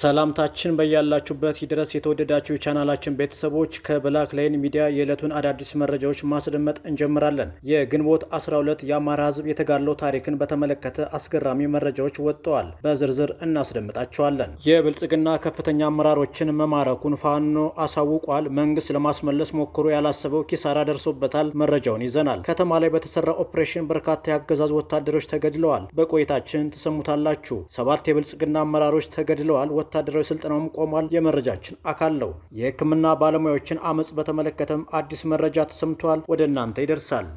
ሰላምታችን በያላችሁበት ይድረስ። የተወደዳችሁ የቻናላችን ቤተሰቦች ከብላክ ላይን ሚዲያ የዕለቱን አዳዲስ መረጃዎች ማስደመጥ እንጀምራለን። የግንቦት 12 የአማራ ሕዝብ የተጋድሎ ታሪክን በተመለከተ አስገራሚ መረጃዎች ወጥተዋል። በዝርዝር እናስደምጣቸዋለን። የብልጽግና ከፍተኛ አመራሮችን መማረኩን ፋኖ አሳውቋል። መንግስት ለማስመለስ ሞክሮ ያላሰበው ኪሳራ ደርሶበታል። መረጃውን ይዘናል። ከተማ ላይ በተሰራ ኦፕሬሽን በርካታ የአገዛዝ ወታደሮች ተገድለዋል። በቆይታችን ትሰሙታላችሁ። ሰባት የብልጽግና አመራሮች ተገድለዋል። ወታደራዊ ስልጠናውም ቆሟል። የመረጃችን አካል ነው። የህክምና ባለሙያዎችን አመፅ በተመለከተም አዲስ መረጃ ተሰምቷል። ወደ እናንተ ይደርሳል።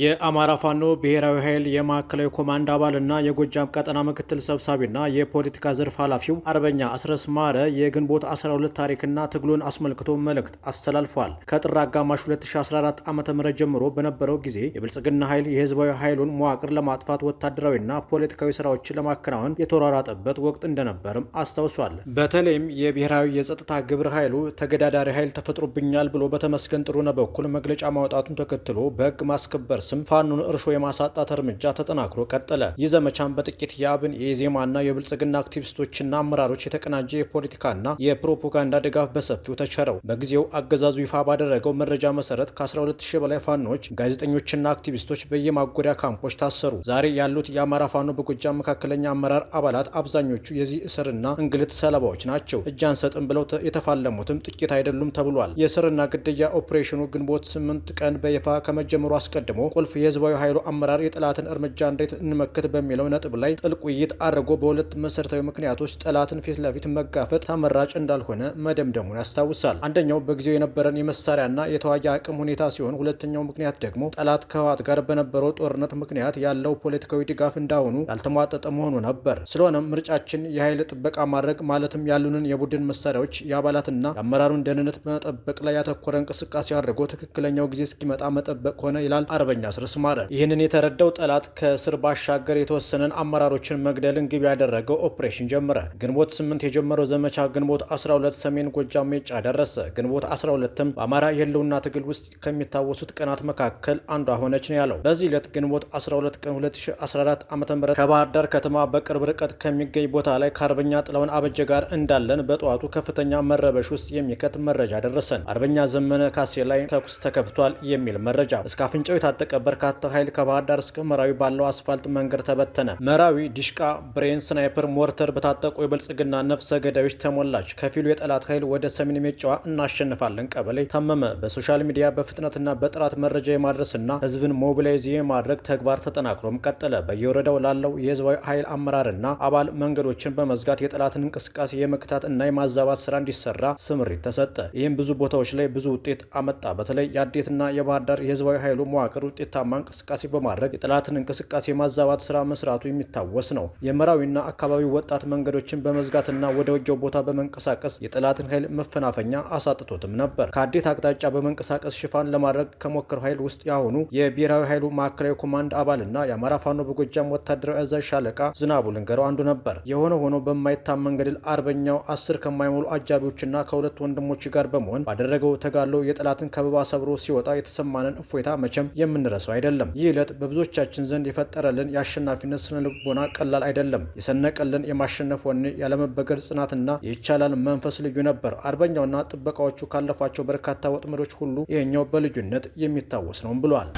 የአማራ ፋኖ ብሔራዊ ኃይል የማዕከላዊ ኮማንድ አባልና የጎጃም ቀጠና ምክትል ሰብሳቢና የፖለቲካ ዘርፍ ኃላፊው አርበኛ አስረስ ማረ የግንቦት 12 ታሪክና ትግሉን አስመልክቶ መልእክት አስተላልፏል። ከጥር አጋማሽ 2014 ዓ ም ጀምሮ በነበረው ጊዜ የብልጽግና ኃይል የህዝባዊ ኃይሉን መዋቅር ለማጥፋት ወታደራዊና ፖለቲካዊ ስራዎችን ለማከናወን የተወራራጠበት ወቅት እንደነበርም አስታውሷል። በተለይም የብሔራዊ የጸጥታ ግብረ ኃይሉ ተገዳዳሪ ኃይል ተፈጥሮብኛል ብሎ በተመስገን ጥሩነህ በኩል መግለጫ ማውጣቱን ተከትሎ በህግ ማስከበር ቢደርስም ፋኖን እርሾ የማሳጣት እርምጃ ተጠናክሮ ቀጠለ። ይህ ዘመቻም በጥቂት የአብን የኢዜማና የብልጽግና አክቲቪስቶችና አመራሮች የተቀናጀ የፖለቲካና የፕሮፓጋንዳ ድጋፍ በሰፊው ተቸረው። በጊዜው አገዛዙ ይፋ ባደረገው መረጃ መሰረት ከ12000 በላይ ፋኖች፣ ጋዜጠኞችና አክቲቪስቶች በየማጎሪያ ካምፖች ታሰሩ። ዛሬ ያሉት የአማራ ፋኖ በጎጃም መካከለኛ አመራር አባላት አብዛኞቹ የዚህ እስርና እንግልት ሰለባዎች ናቸው። እጅ አንሰጥም ብለው የተፋለሙትም ጥቂት አይደሉም ተብሏል። የእስርና ግድያ ኦፕሬሽኑ ግንቦት 8 ቀን በይፋ ከመጀመሩ አስቀድሞ ቁልፍ የህዝባዊ ኃይሉ አመራር የጠላትን እርምጃ እንዴት እንመክት በሚለው ነጥብ ላይ ጥልቅ ውይይት አድርጎ በሁለት መሰረታዊ ምክንያቶች ጠላትን ፊት ለፊት መጋፈጥ ተመራጭ እንዳልሆነ መደምደሙን ያስታውሳል። አንደኛው በጊዜው የነበረን የመሳሪያና የተዋጊ አቅም ሁኔታ ሲሆን፣ ሁለተኛው ምክንያት ደግሞ ጠላት ከህወሓት ጋር በነበረው ጦርነት ምክንያት ያለው ፖለቲካዊ ድጋፍ እንዳሁኑ ያልተሟጠጠ መሆኑ ነበር። ስለሆነም ምርጫችን የኃይል ጥበቃ ማድረግ ማለትም ያሉንን የቡድን መሳሪያዎች የአባላትና የአመራሩን ደህንነት በመጠበቅ ላይ ያተኮረ እንቅስቃሴ አድርጎ ትክክለኛው ጊዜ እስኪመጣ መጠበቅ ሆነ ይላል አርበኛ አርበኛ ስርስ ማረ። ይህንን የተረዳው ጠላት ከእስር ባሻገር የተወሰነን አመራሮችን መግደልን ግብ ያደረገው ኦፕሬሽን ጀመረ። ግንቦት ስምንት የጀመረው ዘመቻ ግንቦት 12 ሰሜን ጎጃም ሜጫ ደረሰ። ግንቦት 12ም በአማራ የህልውና ትግል ውስጥ ከሚታወሱት ቀናት መካከል አንዷ ሆነች ነው ያለው። በዚህ ዕለት ግንቦት 12 ቀን 2014 ዓ ም ከባህር ዳር ከተማ በቅርብ ርቀት ከሚገኝ ቦታ ላይ ከአርበኛ ጥላውን አበጀ ጋር እንዳለን በጠዋቱ ከፍተኛ መረበሽ ውስጥ የሚከት መረጃ ደረሰን። አርበኛ ዘመነ ካሴ ላይ ተኩስ ተከፍቷል የሚል መረጃ እስከ አፍንጫው የታጠቀ ተነጠቀ። በርካታ ኃይል ከባህር ዳር እስከ መራዊ ባለው አስፋልት መንገድ ተበተነ። መራዊ ዲሽቃ፣ ብሬን፣ ስናይፐር፣ ሞርተር በታጠቁ የብልጽግና ነፍሰ ገዳዮች ተሞላች። ከፊሉ የጠላት ኃይል ወደ ሰሜን ሜጫዋ እናሸንፋለን ቀበሌ ታመመ። በሶሻል ሚዲያ በፍጥነትና በጥራት መረጃ የማድረስና ህዝብን ሞቢላይዝ የማድረግ ተግባር ተጠናክሮም ቀጠለ። በየወረዳው ላለው የህዝባዊ ኃይል አመራርና አባል መንገዶችን በመዝጋት የጠላትን እንቅስቃሴ የመክታት እና የማዛባት ስራ እንዲሰራ ስምሪት ተሰጠ። ይህም ብዙ ቦታዎች ላይ ብዙ ውጤት አመጣ። በተለይ የአዴትና የባህር ዳር የህዝባዊ ኃይሉ መዋቅር ውጤታማ እንቅስቃሴ በማድረግ የጠላትን እንቅስቃሴ ማዛባት ስራ መስራቱ የሚታወስ ነው። የመራዊና አካባቢው ወጣት መንገዶችን በመዝጋትና ወደ ውጊያው ቦታ በመንቀሳቀስ የጠላትን ኃይል መፈናፈኛ አሳጥቶትም ነበር። ከአዴት አቅጣጫ በመንቀሳቀስ ሽፋን ለማድረግ ከሞከረው ኃይል ውስጥ ያሆኑ የብሔራዊ ኃይሉ ማዕከላዊ ኮማንድ አባልና የአማራ ፋኖ በጎጃም ወታደራዊ አዛዥ ሻለቃ ዝናቡ ልንገረው አንዱ ነበር። የሆነ ሆኖ በማይታመን ገድል አርበኛው አስር ከማይሞሉ አጃቢዎችና ከሁለት ወንድሞች ጋር በመሆን ባደረገው ተጋድሎ የጠላትን ከበባ ሰብሮ ሲወጣ የተሰማንን እፎይታ መቼም የምን የምንረሳው አይደለም። ይህ ዕለት በብዙዎቻችን ዘንድ የፈጠረልን የአሸናፊነት ስነ ልቦና ቀላል አይደለም። የሰነቀልን የማሸነፍ ወኔ፣ ያለመበገር ጽናትና የይቻላል መንፈስ ልዩ ነበር። አርበኛውና ጥበቃዎቹ ካለፏቸው በርካታ ወጥመዶች ሁሉ ይህኛው በልዩነት የሚታወስ ነውም ብሏል።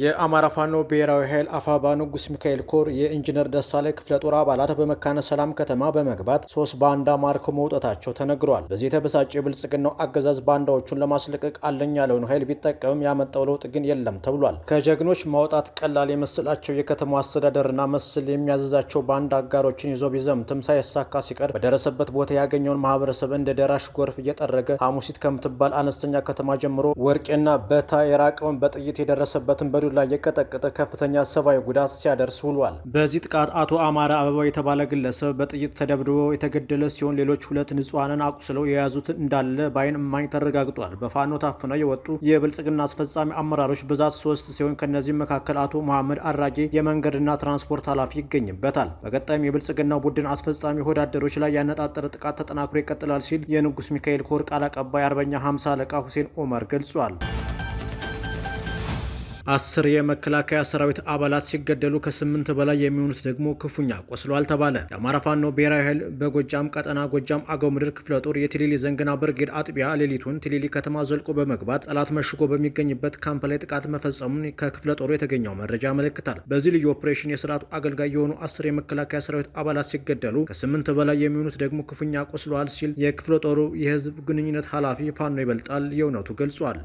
የአማራ ፋኖ ብሔራዊ ኃይል አፋባ ንጉስ ሚካኤል ኮር የኢንጂነር ደሳለኝ ክፍለ ጦር አባላት በመካነ ሰላም ከተማ በመግባት ሶስት ባንዳ ማርከው መውጣታቸው ተነግሯል። በዚህ የተበሳጨ የብልጽግናው አገዛዝ ባንዳዎቹን ለማስለቀቅ አለኝ ያለውን ኃይል ቢጠቀምም ያመጣው ለውጥ ግን የለም ተብሏል። ከጀግኖች ማውጣት ቀላል የመስላቸው የከተማ አስተዳደርና መስል የሚያዘዛቸው ባንዳ አጋሮችን ይዞ ቢዘምትም ሳይሳካ ሲቀር በደረሰበት ቦታ ያገኘውን ማህበረሰብ እንደ ደራሽ ጎርፍ እየጠረገ ሐሙሲት ከምትባል አነስተኛ ከተማ ጀምሮ ወርቄና በታ የራቀውን በጥይት የደረሰበትን በዱላ እየቀጠቀጠ ከፍተኛ ሰብአዊ ጉዳት ሲያደርስ ውሏል። በዚህ ጥቃት አቶ አማረ አበባ የተባለ ግለሰብ በጥይት ተደብድቦ የተገደለ ሲሆን ሌሎች ሁለት ንጹሐንን አቁስለው የያዙት እንዳለ በአይን እማኝ ተረጋግጧል። በፋኖ ታፍነው የወጡ የብልጽግና አስፈጻሚ አመራሮች ብዛት ሶስት ሲሆን ከእነዚህም መካከል አቶ መሐመድ አራጌ የመንገድና ትራንስፖርት ኃላፊ ይገኝበታል። በቀጣይም የብልጽግናው ቡድን አስፈጻሚ ወዳደሮች ላይ ያነጣጠረ ጥቃት ተጠናክሮ ይቀጥላል ሲል የንጉስ ሚካኤል ኮር ቃል አቀባይ አርበኛ 50 አለቃ ሁሴን ኦመር ገልጿል። አስር የመከላከያ ሰራዊት አባላት ሲገደሉ ከስምንት በላይ የሚሆኑት ደግሞ ክፉኛ ቆስሏል ተባለ። የአማራ ፋኖ ብሔራዊ ኃይል በጎጃም ቀጠና ጎጃም አገው ምድር ክፍለ ጦር የትሊሊ ዘንግና ብርጌድ አጥቢያ ሌሊቱን ትሊሊ ከተማ ዘልቆ በመግባት ጠላት መሽጎ በሚገኝበት ካምፕ ላይ ጥቃት መፈጸሙን ከክፍለ ጦሩ የተገኘው መረጃ ያመለክታል። በዚህ ልዩ ኦፕሬሽን የስርዓቱ አገልጋይ የሆኑ አስር የመከላከያ ሰራዊት አባላት ሲገደሉ ከስምንት በላይ የሚሆኑት ደግሞ ክፉኛ ቆስሏል ሲል የክፍለ ጦሩ የህዝብ ግንኙነት ኃላፊ ፋኖ ይበልጣል የእውነቱ ገልጿል።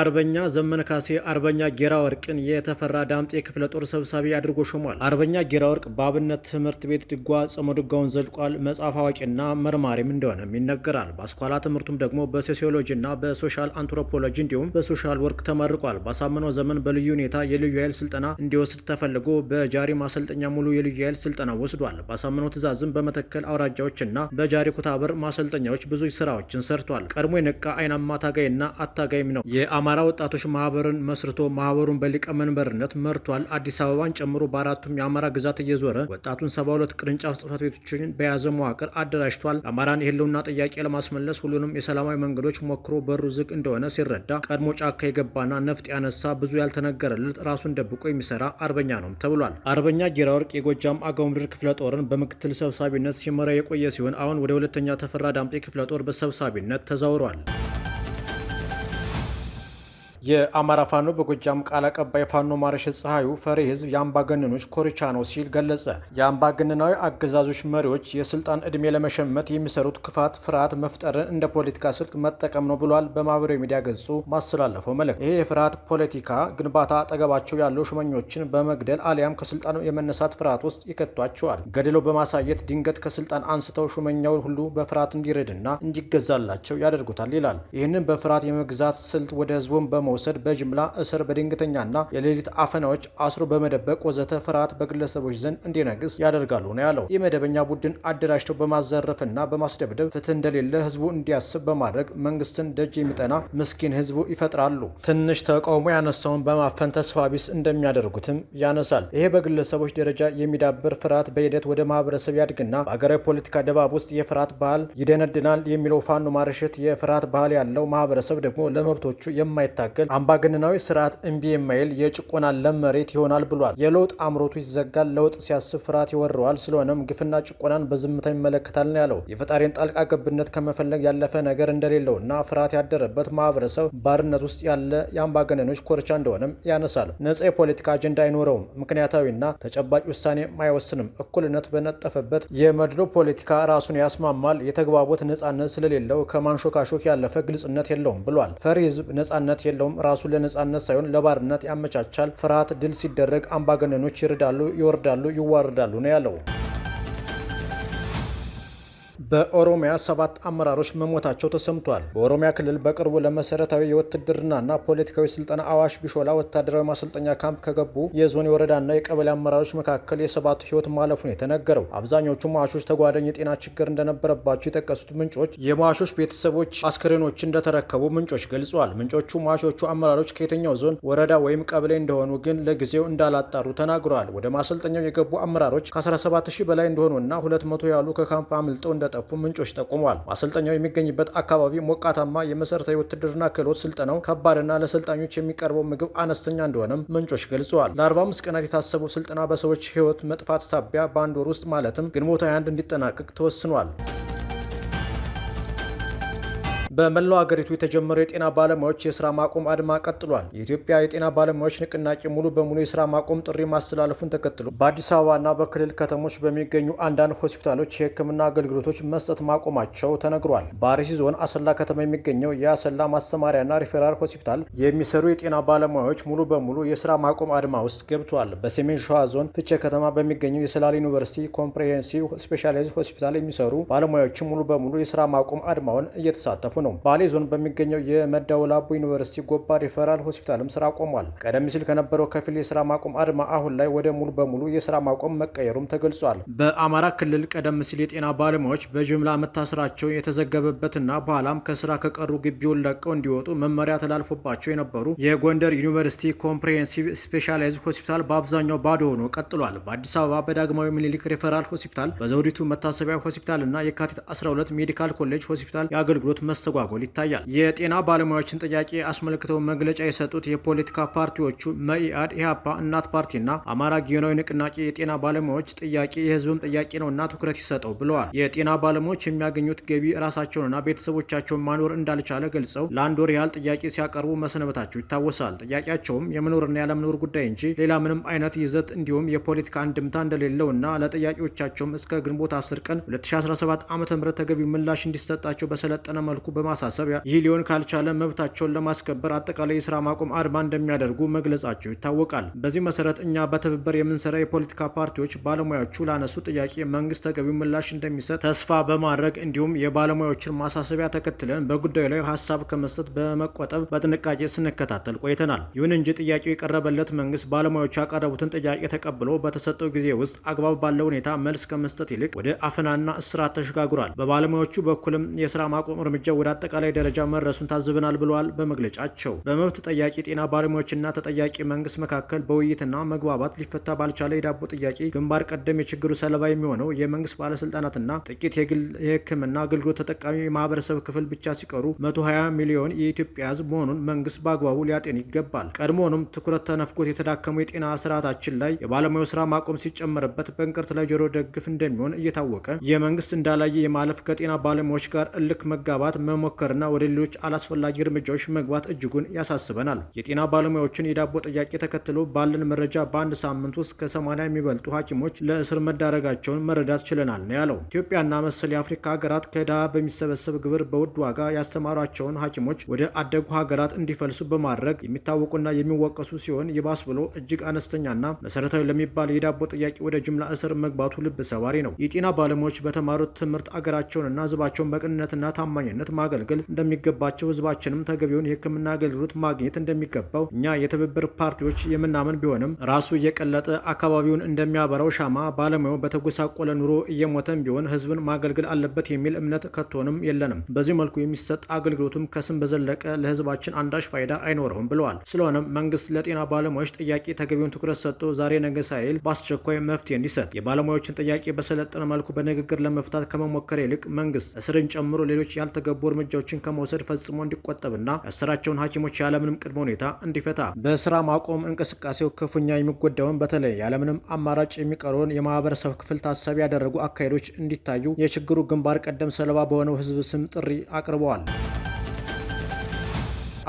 አርበኛ ዘመነ ካሴ አርበኛ ጌራ ወርቅን የተፈራ ዳምጤ ክፍለ ጦር ሰብሳቢ አድርጎ ሾሟል። አርበኛ ጌራ ወርቅ በአብነት ትምህርት ቤት ድጓ ጽሞ ድጓውን ዘልቋል። መጽሐፍ አዋቂና መርማሪም እንደሆነም ይነገራል። በአስኳላ ትምህርቱም ደግሞ በሶሲዮሎጂና በሶሻል አንትሮፖሎጂ እንዲሁም በሶሻል ወርክ ተመርቋል። ባሳመነው ዘመን በልዩ ሁኔታ የልዩ ኃይል ስልጠና እንዲወስድ ተፈልጎ በጃሪ ማሰልጠኛ ሙሉ የልዩ ኃይል ስልጠና ወስዷል። ባሳመነው ትእዛዝም በመተከል አውራጃዎችና በጃሪ ኩታበር ማሰልጠኛዎች ብዙ ስራዎችን ሰርቷል። ቀድሞ የነቃ አይናማ ታጋይና አታጋይም ነው። የአማራ ወጣቶች ማህበርን መስርቶ ማህበሩን በሊቀመንበርነት መርቷል። አዲስ አበባን ጨምሮ በአራቱም የአማራ ግዛት እየዞረ ወጣቱን 72 ቅርንጫፍ ጽህፈት ቤቶችን በያዘ መዋቅር አደራጅቷል። አማራን የህልውና ጥያቄ ለማስመለስ ሁሉንም የሰላማዊ መንገዶች ሞክሮ በሩ ዝግ እንደሆነ ሲረዳ ቀድሞ ጫካ የገባና ነፍጥ ያነሳ ብዙ ያልተነገረለት ራሱን ደብቆ የሚሰራ አርበኛ ነው ተብሏል። አርበኛ ጌራ ወርቅ የጎጃም አገው ምድር ክፍለ ጦርን በምክትል ሰብሳቢነት ሲመራ የቆየ ሲሆን አሁን ወደ ሁለተኛ ተፈራ ዳምጤ ክፍለ ጦር በሰብሳቢነት ተዛውሯል። የአማራ ፋኖ በጎጃም ቃል አቀባይ ፋኖ ማረሸ ፀሐዩ ፈሪ ህዝብ የአምባገነኖች ኮርቻ ነው ሲል ገለጸ። የአምባገነናዊ አገዛዞች መሪዎች የስልጣን ዕድሜ ለመሸመት የሚሰሩት ክፋት፣ ፍርሃት መፍጠርን እንደ ፖለቲካ ስልክ መጠቀም ነው ብሏል። በማህበራዊ ሚዲያ ገጹ ማስተላለፈው መልእክት ይሄ የፍርሃት ፖለቲካ ግንባታ አጠገባቸው ያለው ሹመኞችን በመግደል አሊያም ከስልጣኑ የመነሳት ፍርሃት ውስጥ ይከቷቸዋል። ገድለው በማሳየት ድንገት ከስልጣን አንስተው ሹመኛውን ሁሉ በፍርሃት እንዲረድና እንዲገዛላቸው ያደርጉታል ይላል። ይህንን በፍርሃት የመግዛት ስልት ወደ ህዝቡን በመ በመውሰድ በጅምላ እስር፣ በድንገተኛና የሌሊት አፈናዎች አስሮ በመደበቅ ወዘተ ፍርሃት በግለሰቦች ዘንድ እንዲነግስ ያደርጋሉ ነው ያለው። ይህ መደበኛ ቡድን አደራጅተው በማዘረፍና በማስደብደብ ፍትህ እንደሌለ ህዝቡ እንዲያስብ በማድረግ መንግስትን ደጅ የሚጠና ምስኪን ህዝቡ ይፈጥራሉ። ትንሽ ተቃውሞ ያነሳውን በማፈን ተስፋ ቢስ እንደሚያደርጉትም ያነሳል። ይሄ በግለሰቦች ደረጃ የሚዳብር ፍርሃት በሂደት ወደ ማህበረሰብ ያድግና በሀገራዊ ፖለቲካ ድባብ ውስጥ የፍርሃት ባህል ይደነድናል የሚለው ፋኖ ማርሸት የፍርሃት ባህል ያለው ማህበረሰብ ደግሞ ለመብቶቹ የማይታገል ክልል አምባገነናዊ ስርዓት እምቢ የማይል የጭቆና ለም መሬት ይሆናል ብሏል። የለውጥ አምሮቱ ይዘጋል፣ ለውጥ ሲያስብ ፍርሃት ይወረዋል። ስለሆነም ግፍና ጭቆናን በዝምታ ይመለከታል ነው ያለው። የፈጣሪን ጣልቃ ገብነት ከመፈለግ ያለፈ ነገር እንደሌለው እና ፍርሃት ያደረበት ማህበረሰብ ባርነት ውስጥ ያለ የአምባገነኖች ኮርቻ እንደሆነም ያነሳል። ነጻ የፖለቲካ አጀንዳ አይኖረውም። ምክንያታዊና ተጨባጭ ውሳኔ አይወስንም። እኩልነት በነጠፈበት የመድሎ ፖለቲካ ራሱን ያስማማል። የተግባቦት ነጻነት ስለሌለው ከማንሾካሾክ ያለፈ ግልጽነት የለውም ብሏል። ፈሪ ህዝብ ነጻነት የለውም ሆኖም ራሱን ለነጻነት ሳይሆን ለባርነት ያመቻቻል። ፍርሃት ድል ሲደረግ አምባገነኖች ይርዳሉ፣ ይወርዳሉ፣ ይዋርዳሉ ነው ያለው። በኦሮሚያ ሰባት አመራሮች መሞታቸው ተሰምቷል። በኦሮሚያ ክልል በቅርቡ ለመሰረታዊ የውትድርናና ፖለቲካዊ ስልጠና አዋሽ ቢሾላ ወታደራዊ ማሰልጠኛ ካምፕ ከገቡ የዞን የወረዳና የቀበሌ አመራሮች መካከል የሰባቱ ህይወት ማለፉን የተነገረው አብዛኞቹ ሟቾች ተጓዳኝ የጤና ችግር እንደነበረባቸው የጠቀሱት ምንጮች የሟቾች ቤተሰቦች አስክሬኖች እንደተረከቡ ምንጮች ገልጿል። ምንጮቹ ሟቾቹ አመራሮች ከየትኛው ዞን ወረዳ ወይም ቀበሌ እንደሆኑ ግን ለጊዜው እንዳላጣሩ ተናግረዋል። ወደ ማሰልጠኛው የገቡ አመራሮች ከ17000 በላይ እንደሆኑና 200 ያሉ ከካምፕ አምልጠው እንደጠፉ ምንጮች ጠቁመዋል። ማሰልጠኛው የሚገኝበት አካባቢ ሞቃታማ፣ የመሰረታዊ ውትድርና ክህሎት ስልጠናው ከባድና ለሰልጣኞች የሚቀርበው ምግብ አነስተኛ እንደሆነም ምንጮች ገልጸዋል። ለ45 ቀናት የታሰበው ስልጠና በሰዎች ህይወት መጥፋት ሳቢያ በአንድ ወር ውስጥ ማለትም ግንቦት 21 እንዲጠናቀቅ ተወስኗል። በመላው ሀገሪቱ የተጀመረው የጤና ባለሙያዎች የስራ ማቆም አድማ ቀጥሏል። የኢትዮጵያ የጤና ባለሙያዎች ንቅናቄ ሙሉ በሙሉ የስራ ማቆም ጥሪ ማስተላለፉን ተከትሎ በአዲስ አበባና በክልል ከተሞች በሚገኙ አንዳንድ ሆስፒታሎች የሕክምና አገልግሎቶች መስጠት ማቆማቸው ተነግሯል። በአርሲ ዞን አሰላ ከተማ የሚገኘው የአሰላ ማስተማሪያና ሪፌራል ሆስፒታል የሚሰሩ የጤና ባለሙያዎች ሙሉ በሙሉ የስራ ማቆም አድማ ውስጥ ገብቷል። በሰሜን ሸዋ ዞን ፍቼ ከተማ በሚገኘው የሰላል ዩኒቨርሲቲ ኮምፕሬሄንሲቭ ስፔሻላይዝ ሆስፒታል የሚሰሩ ባለሙያዎች ሙሉ በሙሉ የስራ ማቆም አድማውን እየተሳተፉ ነው። ባሌ ዞን በሚገኘው የመዳወላቡ ዩኒቨርሲቲ ጎባ ሪፈራል ሆስፒታልም ስራ ቆሟል። ቀደም ሲል ከነበረው ከፊል የስራ ማቆም አድማ አሁን ላይ ወደ ሙሉ በሙሉ የስራ ማቆም መቀየሩም ተገልጿል። በአማራ ክልል ቀደም ሲል የጤና ባለሙያዎች በጅምላ መታሰራቸው የተዘገበበትና በኋላም ከስራ ከቀሩ ግቢውን ለቀው እንዲወጡ መመሪያ ተላልፎባቸው የነበሩ የጎንደር ዩኒቨርሲቲ ኮምፕሬሄንሲቭ ስፔሻላይዝ ሆስፒታል በአብዛኛው ባዶ ሆኖ ቀጥሏል። በአዲስ አበባ በዳግማዊ ምኒልክ ሪፈራል ሆስፒታል፣ በዘውዲቱ መታሰቢያ ሆስፒታል እና የካቲት 12 ሜዲካል ኮሌጅ ሆስፒታል የአገልግሎት መሰ መስተጓጎል ይታያል። የጤና ባለሙያዎችን ጥያቄ አስመልክተው መግለጫ የሰጡት የፖለቲካ ፓርቲዎቹ መኢአድ፣ ኢህአፓ፣ እናት ፓርቲና አማራ ጊዮናዊ ንቅናቄ የጤና ባለሙያዎች ጥያቄ የህዝብም ጥያቄ እና ትኩረት ይሰጠው ብለዋል። የጤና ባለሙያዎች የሚያገኙት ገቢ ራሳቸውንና ቤተሰቦቻቸውን ማኖር እንዳልቻለ ገልጸው ለአንድ ወር ያህል ጥያቄ ሲያቀርቡ መሰነበታቸው ይታወሳል። ጥያቄያቸውም የመኖርና ያለመኖር ጉዳይ እንጂ ሌላ ምንም አይነት ይዘት እንዲሁም የፖለቲካ አንድምታ እንደሌለው እና ለጥያቄዎቻቸውም እስከ ግንቦት 10 ቀን 2017 ዓ ም ተገቢው ምላሽ እንዲሰጣቸው በሰለጠነ መልኩ በማሳሰቢያ ይህ ሊሆን ካልቻለ መብታቸውን ለማስከበር አጠቃላይ የስራ ማቆም አድማ እንደሚያደርጉ መግለጻቸው ይታወቃል። በዚህ መሰረት እኛ በትብብር የምንሰራ የፖለቲካ ፓርቲዎች ባለሙያዎቹ ላነሱ ጥያቄ መንግስት ተገቢው ምላሽ እንደሚሰጥ ተስፋ በማድረግ እንዲሁም የባለሙያዎችን ማሳሰቢያ ተከትለን በጉዳዩ ላይ ሀሳብ ከመስጠት በመቆጠብ በጥንቃቄ ስንከታተል ቆይተናል። ይሁን እንጂ ጥያቄው የቀረበለት መንግስት ባለሙያዎቹ ያቀረቡትን ጥያቄ ተቀብሎ በተሰጠው ጊዜ ውስጥ አግባብ ባለው ሁኔታ መልስ ከመስጠት ይልቅ ወደ አፈናና እስራት ተሸጋግሯል። በባለሙያዎቹ በኩልም የስራ ማቆም እርምጃ ወደ አጠቃላይ ደረጃ መድረሱን ታዝብናል ብለዋል። በመግለጫቸው በመብት ጠያቂ ጤና ባለሙያዎችና ተጠያቂ መንግስት መካከል በውይይትና መግባባት ሊፈታ ባልቻለ የዳቦ ጥያቄ ግንባር ቀደም የችግሩ ሰለባ የሚሆነው የመንግስት ባለስልጣናትና ጥቂት የህክምና አገልግሎት ተጠቃሚ የማህበረሰብ ክፍል ብቻ ሲቀሩ 120 ሚሊዮን የኢትዮጵያ ህዝብ መሆኑን መንግስት በአግባቡ ሊያጤን ይገባል። ቀድሞውንም ትኩረት ተነፍጎት የተዳከመው የጤና ስርዓታችን ላይ የባለሙያው ስራ ማቆም ሲጨመርበት በእንቅርት ላይ ጆሮ ደግፍ እንደሚሆን እየታወቀ የመንግስት እንዳላየ የማለፍ ከጤና ባለሙያዎች ጋር እልክ መጋባት መሞ መሞከርና ወደ ሌሎች አላስፈላጊ እርምጃዎች መግባት እጅጉን ያሳስበናል። የጤና ባለሙያዎችን የዳቦ ጥያቄ ተከትሎ ባለን መረጃ በአንድ ሳምንት ውስጥ ከሰማንያ የሚበልጡ ሐኪሞች ለእስር መዳረጋቸውን መረዳት ችለናል ነው ያለው። ኢትዮጵያና መሰል የአፍሪካ ሀገራት ከዳ በሚሰበሰብ ግብር በውድ ዋጋ ያስተማሯቸውን ሐኪሞች ወደ አደጉ ሀገራት እንዲፈልሱ በማድረግ የሚታወቁና የሚወቀሱ ሲሆን ይባስ ብሎ እጅግ አነስተኛና መሰረታዊ ለሚባል የዳቦ ጥያቄ ወደ ጅምላ እስር መግባቱ ልብ ሰባሪ ነው። የጤና ባለሙያዎች በተማሩት ትምህርት አገራቸውንና ህዝባቸውን በቅንነትና ታማኝነት ማገ ማገልገል እንደሚገባቸው፣ ህዝባችንም ተገቢውን የህክምና አገልግሎት ማግኘት እንደሚገባው እኛ የትብብር ፓርቲዎች የምናምን ቢሆንም ራሱ እየቀለጠ አካባቢውን እንደሚያበራው ሻማ ባለሙያው በተጎሳቆለ ኑሮ እየሞተም ቢሆን ህዝብን ማገልገል አለበት የሚል እምነት ከቶንም የለንም። በዚህ መልኩ የሚሰጥ አገልግሎቱም ከስም በዘለቀ ለህዝባችን አንዳች ፋይዳ አይኖረውም ብለዋል። ስለሆነም መንግስት ለጤና ባለሙያዎች ጥያቄ ተገቢውን ትኩረት ሰጥቶ ዛሬ ነገ ሳይል በአስቸኳይ መፍትሄ እንዲሰጥ፣ የባለሙያዎችን ጥያቄ በሰለጠነ መልኩ በንግግር ለመፍታት ከመሞከር ይልቅ መንግስት እስርን ጨምሮ ሌሎች ያልተገቡ እርምጃዎችን ከመውሰድ ፈጽሞ እንዲቆጠብና ያሰራቸውን ሐኪሞች ያለምንም ቅድመ ሁኔታ እንዲፈታ፣ በስራ ማቆም እንቅስቃሴው ክፉኛ የሚጎዳውን በተለይ ያለምንም አማራጭ የሚቀረውን የማህበረሰብ ክፍል ታሳቢ ያደረጉ አካሄዶች እንዲታዩ የችግሩ ግንባር ቀደም ሰለባ በሆነው ህዝብ ስም ጥሪ አቅርበዋል።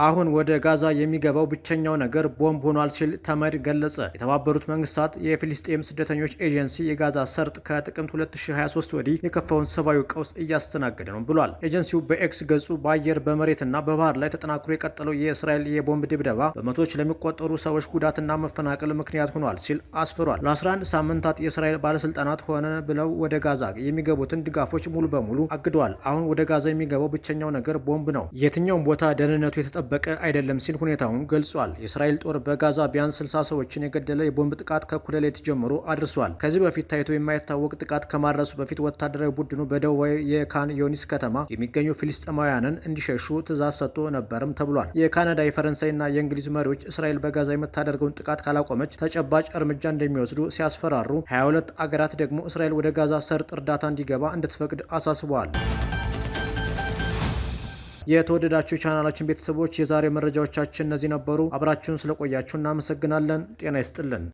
አሁን ወደ ጋዛ የሚገባው ብቸኛው ነገር ቦምብ ሆኗል ሲል ተመድ ገለጸ። የተባበሩት መንግስታት የፊልስጤም ስደተኞች ኤጀንሲ የጋዛ ሰርጥ ከጥቅምት 2023 ወዲህ የከፋውን ሰብአዊ ቀውስ እያስተናገደ ነው ብሏል። ኤጀንሲው በኤክስ ገጹ በአየር በመሬትና በባህር ላይ ተጠናክሮ የቀጠለው የእስራኤል የቦምብ ድብደባ በመቶዎች ለሚቆጠሩ ሰዎች ጉዳትና መፈናቀል ምክንያት ሆኗል ሲል አስፍሯል። ለ11 ሳምንታት የእስራኤል ባለስልጣናት ሆነ ብለው ወደ ጋዛ የሚገቡትን ድጋፎች ሙሉ በሙሉ አግደዋል። አሁን ወደ ጋዛ የሚገባው ብቸኛው ነገር ቦምብ ነው። የትኛውም ቦታ ደህንነቱ የተጠ የተጠበቀ አይደለም ሲል ሁኔታውን ገልጿል። የእስራኤል ጦር በጋዛ ቢያንስ 60 ሰዎችን የገደለ የቦምብ ጥቃት ከእኩለ ሌሊት ጀምሮ አድርሷል። ከዚህ በፊት ታይቶ የማይታወቅ ጥቃት ከማድረሱ በፊት ወታደራዊ ቡድኑ በደቡባዊ የካን ዮኒስ ከተማ የሚገኙ ፊልስጤማውያንን እንዲሸሹ ትእዛዝ ሰጥቶ ነበርም ተብሏል። የካናዳ የፈረንሳይና የእንግሊዝ መሪዎች እስራኤል በጋዛ የምታደርገውን ጥቃት ካላቆመች ተጨባጭ እርምጃ እንደሚወስዱ ሲያስፈራሩ፣ 22 አገራት ደግሞ እስራኤል ወደ ጋዛ ሰርጥ እርዳታ እንዲገባ እንድትፈቅድ አሳስበዋል። የተወደዳችሁ ቻናላችን ቤተሰቦች የዛሬ መረጃዎቻችን እነዚህ ነበሩ። አብራችሁን ስለቆያችሁ እናመሰግናለን። ጤና ይስጥልን።